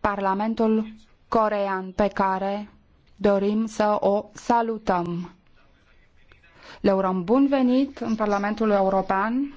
Parlamentul corean pe care dorim să o salutăm. Le urăm bun venit în Parlamentul European